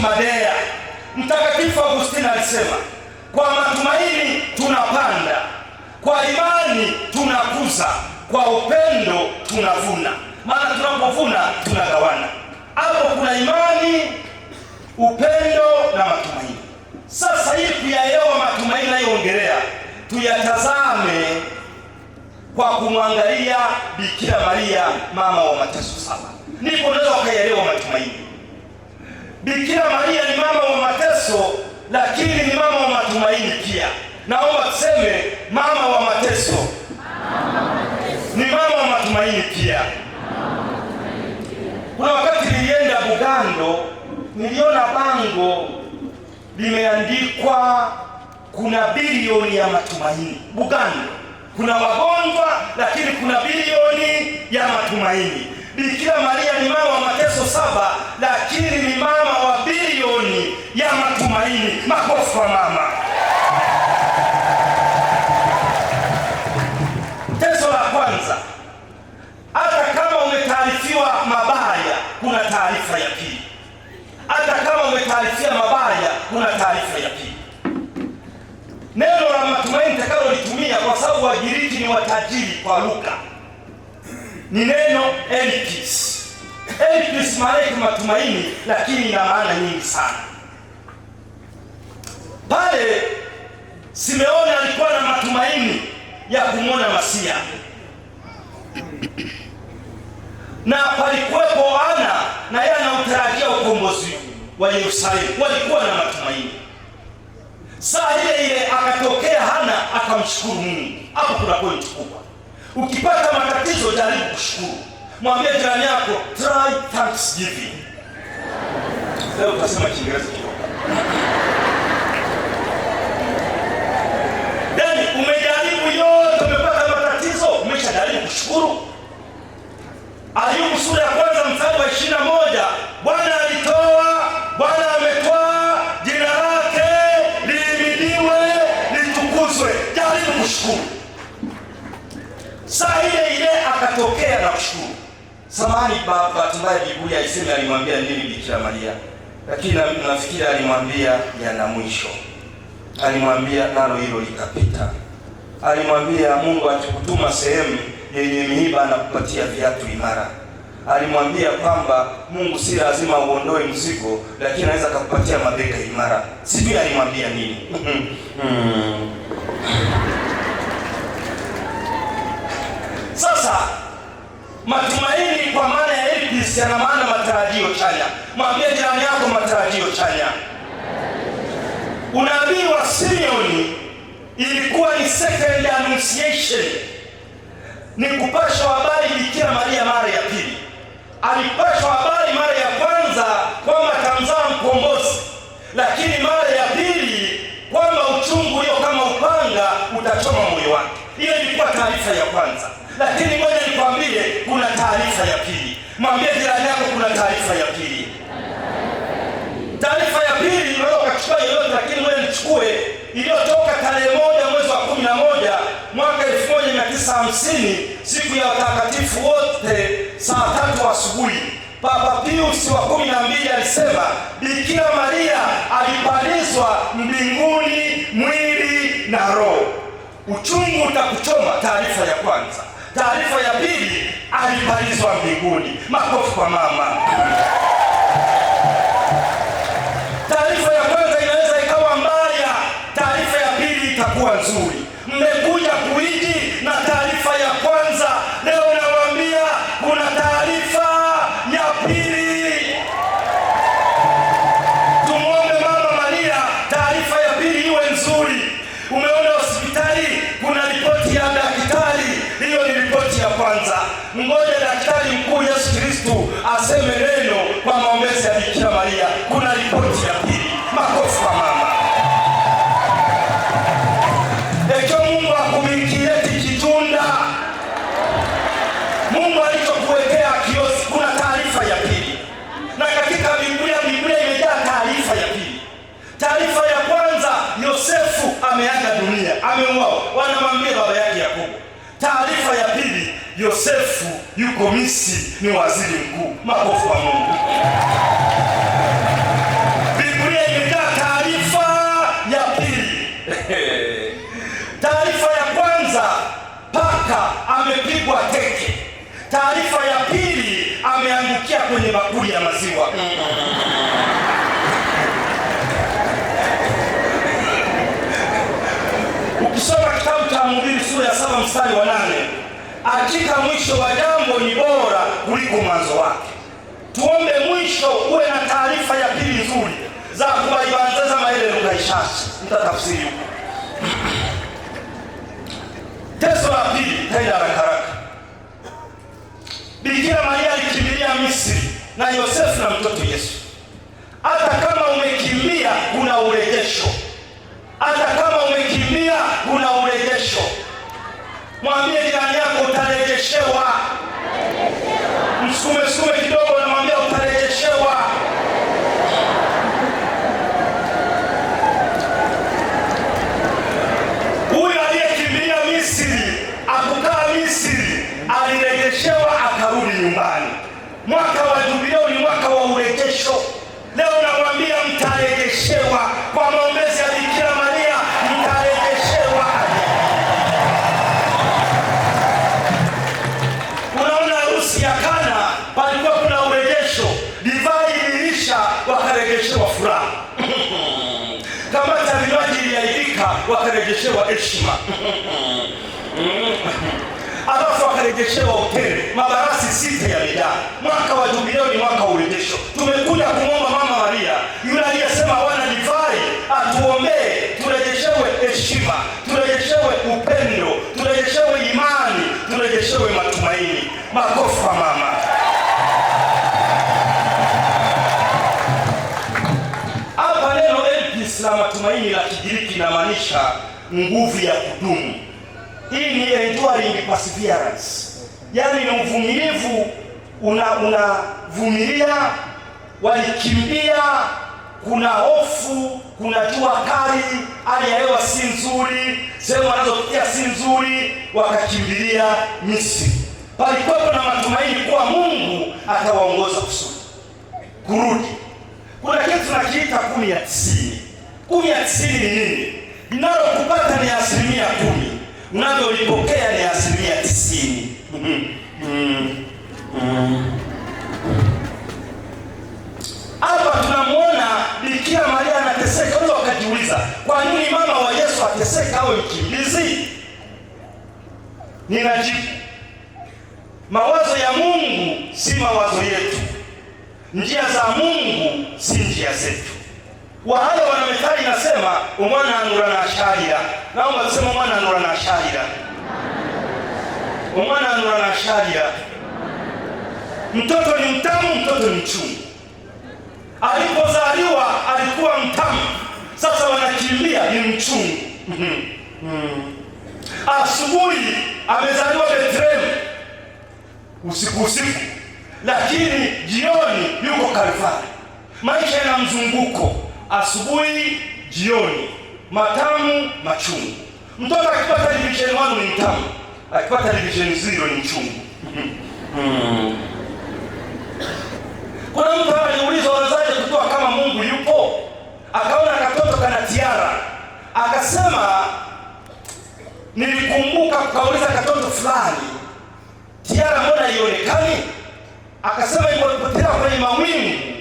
Madea. Mtakatifu Agustina alisema kwa matumaini tunapanda, kwa imani tunakuza, kwa upendo tunavuna. Maana tunapovuna tunagawana. Hapo kuna imani, upendo na matumaini. Sasa hii pia matumaini nayoongelea tuyatazame kwa kumwangalia Bikira Maria, mama wa mateso saba, ndipo unaweza ukaelewa matumaini. Bikira Maria ni mama wa mateso, lakini ni mama wa matumaini pia. Naomba tuseme mama wa mateso, ni mama wa matumaini pia. Kuna wakati nilienda Bugando, niliona bango limeandikwa kuna bilioni ya matumaini Bugando. Kuna wagonjwa lakini kuna bilioni ya matumaini. Bikira Maria ni mama wa mateso saba, lakini ni mama wa bilioni ya matumaini. Makofi kwa mama. Teso la kwanza, hata kama umetaarifiwa mabaya, kuna taarifa ya pili. Hata kama umetaarifiwa mabaya, kuna taarifa ya pili. Neno la matumaini takalo litumia, kwa sababu Wagiriki ni watajiri kwa Luka ni neno elpis. Elpis maana yake matumaini, lakini ina maana nyingi sana. Pale Simeoni alikuwa na matumaini ya kumwona Masia, na palikuwepo Ana na yeye anautarajia ukombozi wa Yerusalemu, walikuwa na matumaini. Saa ile ile akatokea Hana akamshukuru Mungu. Hapo kuna pointi kubwa. Ukipata matatizo, jaribu kushukuru. Mwambie jirani yako try thanksgiving. Leo utasema Kiingereza kidogo. Yaani umejaribu yote, umepata matatizo, umeshajaribu kushukuru nafikiri alimwambia yana mwisho, alimwambia nalo hilo litapita, alimwambia Mungu atakutuma sehemu yenye miiba na kupatia viatu imara. Alimwambia kwamba Mungu si lazima uondoe mzigo, lakini anaweza kukupatia mabega imara. Sijui alimwambia nini. Sasa matumaini kwa maana ya yana maana matarajio Mwambie jirani yako matarajio chanya. Unabii wa Simeoni ilikuwa ni second annunciation, ni kupashwa habari Bikira Maria mara ya pili. Alipashwa habari mara ya kwanza kwamba atamzaa mkombozi, lakini mara ya pili kwamba uchungu hiyo kama upanga utachoma moyo wake. Hiyo ilikuwa taarifa ya kwanza, lakini ngoja nikwambie, kuna taarifa ya pili. Mwambie jirani na taarifa ya pili. Taarifa ya pili unaweza ukachukua yoyote, lakini wewe nichukue iliyotoka tarehe moja mwezi wa kumi na moja mwaka elfu moja mia tisa hamsini siku ya watakatifu wote, saa tatu asubuhi. Papa Pius wa kumi na mbili alisema Bikira Maria alipandizwa mbinguni mwili na roho. Uchungu utakuchoma. Taarifa ya kwanza Taarifa ya pili, alipalizwa mbinguni. Makofi kwa mama. Taarifa ya kwanza inaweza ikawa mbaya, taarifa ya pili itakuwa nzuri. aseme neno kwa maombezi ya Bikira Maria. Kuna ripoti ya pili, makofi kwa mama ekyo. Mungu akumikie Kitunda, Mungu alichokuwekea kiosi. Kuna taarifa ya pili, na katika Biblia, Biblia imejaa taarifa ya pili. Taarifa ya kwanza, Yosefu ameaga dunia, ameuawa, wanamwambia baba yake Yakobo. Taarifa ya pili Yosefu yuko Misri, ni waziri mkuu. Makofi kwa Mungu. Biblia imetoa taarifa ya pili. Taarifa ya kwanza, paka amepigwa teke. Taarifa ya pili, ameangukia kwenye bakuli ya maziwa. Ukisoma kitabu cha Mhubiri sura ya saba mstari wa nane hakika mwisho wa jambo ni bora kuliko mwanzo wake. Tuombe mwisho uwe na taarifa ya pili nzuri za kuwaibanzaza maele lugha ishashi mtatafsiri huko. Teso la pili, taenda haraka haraka. Bikira Maria alikimbilia Misri na Yosefu na mtoto Yesu. Hata kama umekimbia kuna urejesho, hata kama umekimbia kuna urejesho. Mwambie utarejeshewa. Msume sume kidogo, namwambia utarejeshewa. Huyo aliyekimbia Misri akukaa Misri alirejeshewa, akarudi nyumbani. Mwaka wa jubileo ni mwaka wa urejesho. Leo namwambia mtarejeshewa kwa maombi akarejeshewa heshima alafu akarejeshewa hoteli, mabarasi sita ya yamejaa. Mwaka wa jubileo ni mwaka wa urejesho. Tumekuja kumwomba Mama Maria yule aliyesema wana divai atuombee, turejeshewe heshima, turejeshewe upendo, turejeshewe imani, turejeshewe matumaini. Makofi kwa mama. Hapa neno elpis la matumaini la Kigiriki inamaanisha nguvu ya kudumu. Hii ni enduring perseverance, yaani ni uvumilivu unavumilia. Una walikimbia, kuna hofu, kuna jua kali, hali ya hewa si nzuri, sehemu wanazopitia si nzuri, wakakimbilia Misri. Palikuwepo na matumaini kuwa Mungu atawaongoza kusudi kurudi. Kuna kitu tunakiita kumi ya tisini. Kumi ya tisini ni nini? ulipokea ni asilimia tisini. Hapa tunamwona Bikira Maria anateseka. Wao wakajiuliza kwa nini mama wa Yesu ateseka awe mkimbizi? Ninajibu, mawazo ya Mungu si mawazo yetu, njia za Mungu si njia zetu. Wahalo inasema omwana anula nashalira nawe mwasema omwana anula nashalira omwana anula nashalira. Mtoto ni mtamu, mtoto ni mchungu. Alipozaliwa alikuwa mtamu, sasa wanakimbia ni mchungu. Asubuhi amezaliwa Betlehemu, usiku usiku, lakini jioni yuko Kalvari. Maisha yana mzunguko, asubuhi jioni, matamu machungu. Mtoto akipata division wanu ni mtamu, akipata division zero ni mchungu. Hmm. Kuna mtu hapa aliuliza wazazi kutoa kama Mungu yupo, akaona katoto kana tiara, akasema nilikumbuka kauliza katoto fulani, tiara mbona haionekani? Akasema ilipotea kwenye mawingu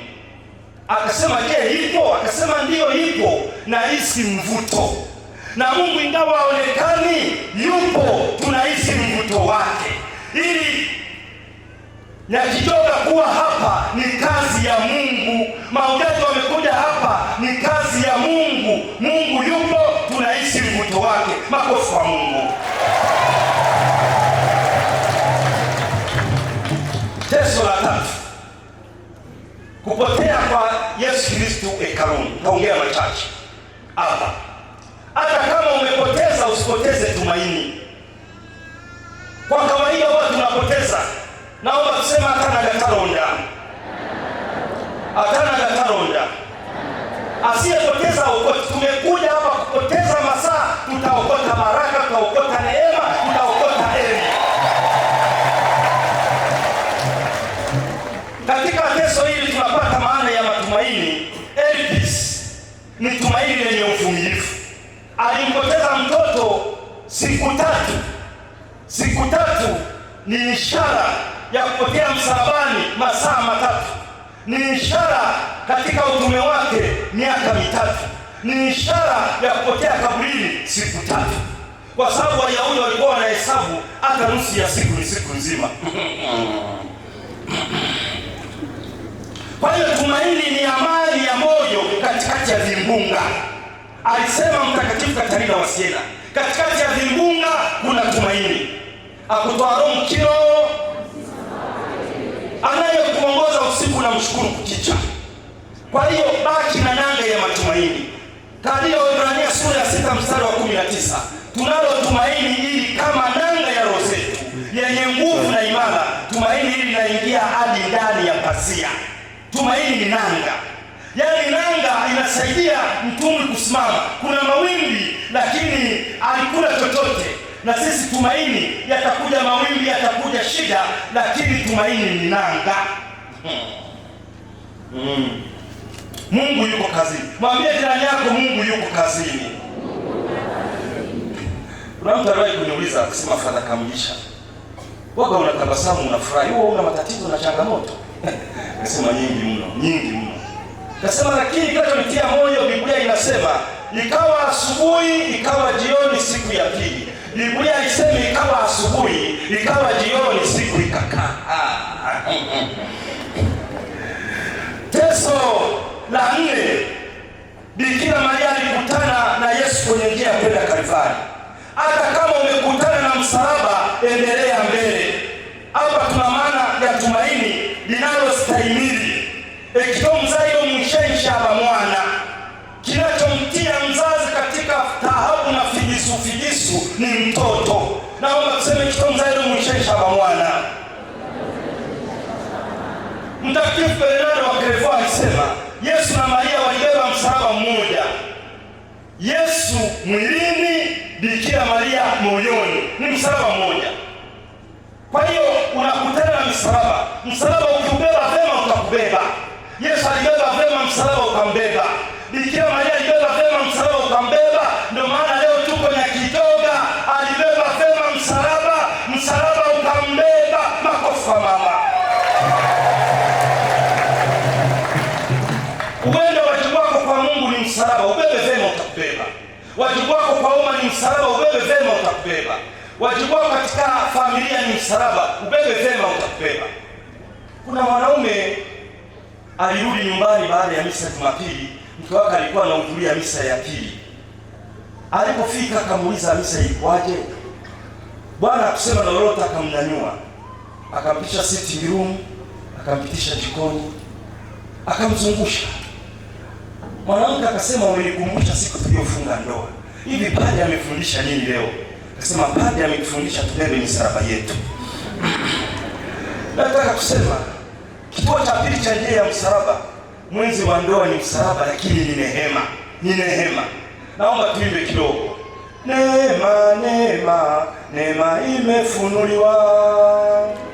Akasema, je, ipo? Akasema ndiyo, ipo nahisi mvuto na Mungu ingawa aonekani, yupo, tunahisi mvuto wake. Ili Nyakidoga kuwa hapa ni kazi ya Mungu, mahujaji wamekuja hapa ni kazi ya Mungu. Mungu yupo, tunahisi mvuto wake. Makofi kwa Mungu. usiuke kanuni. Nitaongea machache hapa. Hata kama umepoteza, usipoteze tumaini. Kwa kawaida watu tunapoteza, naomba tusema hapana gataronda, hapana gataronda, asiyepoteza aokote ni ishara katika utume wake miaka mitatu, ni ishara ya kupotea kaburini siku tatu, kwa sababu Wayahudi walikuwa wanahesabu hata nusu ya siku ni siku nzima. Kwa hiyo tumaini ni amali ya moyo katikati ya vimbunga, alisema Mtakatifu Katarina wa Siena, katikati ya vimbunga kuna tumaini. roho mkiro kuongoza usiku na mshukuru kukicha. Kwa hiyo baki na nanga ya matumaini. ya Ibrania sura ya sita mstari wa kumi na tisa tunalo tumaini hili kama nanga ya roho zetu yenye nguvu na imara. Tumaini hili linaingia hadi ndani ya pazia. Tumaini ni nanga, yaani nanga inasaidia mtumwi kusimama. Kuna mawimbi, lakini alikula chochote na sisi tumaini, yatakuja mawimbi, yatakuja shida, lakini tumaini ni nanga. Hmm. hmm. Mungu yuko kazini. Mwambie jirani yako Mungu yuko kazini. Kuna mtu aliwahi kuniuliza akisema, Fadha Kamlisha, waga unatabasamu, unafurahi, huwa una matatizo na changamoto? Nasema nyingi mno, nyingi mno. Nasema lakini kinachonitia moyo, Biblia inasema ikawa asubuhi, ikawa jioni, siku ya pili Biblia haisemi ikawa asubuhi, ikawa jioni, siku ikakaa. Teso la nne, Bikira Maria alikutana na Yesu kwenye njia ya kwenda Kalvari. Hata kama umekutana na msalaba, endelea mbele. Hapa tuna maana ya tumaini linalostahimili ekitomuzailo mushensha Mtakatifu Bernardo wa Clairvaux alisema Yesu na Maria walibeba msalaba mmoja, Yesu mwilini, Bikira Maria moyoni, ni msalaba mmoja. Kwa hiyo unakutana na msalaba, msalaba ukibeba vema utakubeba. Yesu alibeba vema msalaba ukambeba. Bikira Maria Wajibu wako kwa umma ni msalaba, ubebe vema utakubeba. Wajibu wako katika familia ni msalaba, ubebe vema utakubeba. Kuna mwanaume alirudi nyumbani baada ya misa Jumapili, mke wake alikuwa anahudhuria misa ya pili. Alipofika akamuuliza misa ilikuwaje? Bwana akusema na lolote, akamnyanyua akampitisha sitting room, akampitisha jikoni, akamzungusha Mwanamke akasema umenikumbusha siku tuliyofunga ndoa. Hivi padre amefundisha nini leo? Akasema padre ametufundisha tubebe misalaba yetu. Nataka kusema kituo cha pili cha njia ya msalaba, mwenzi wa ndoa ni msalaba, lakini ni nehema ni nehema. Naomba tuimbe kidogo. Neema, neema, neema imefunuliwa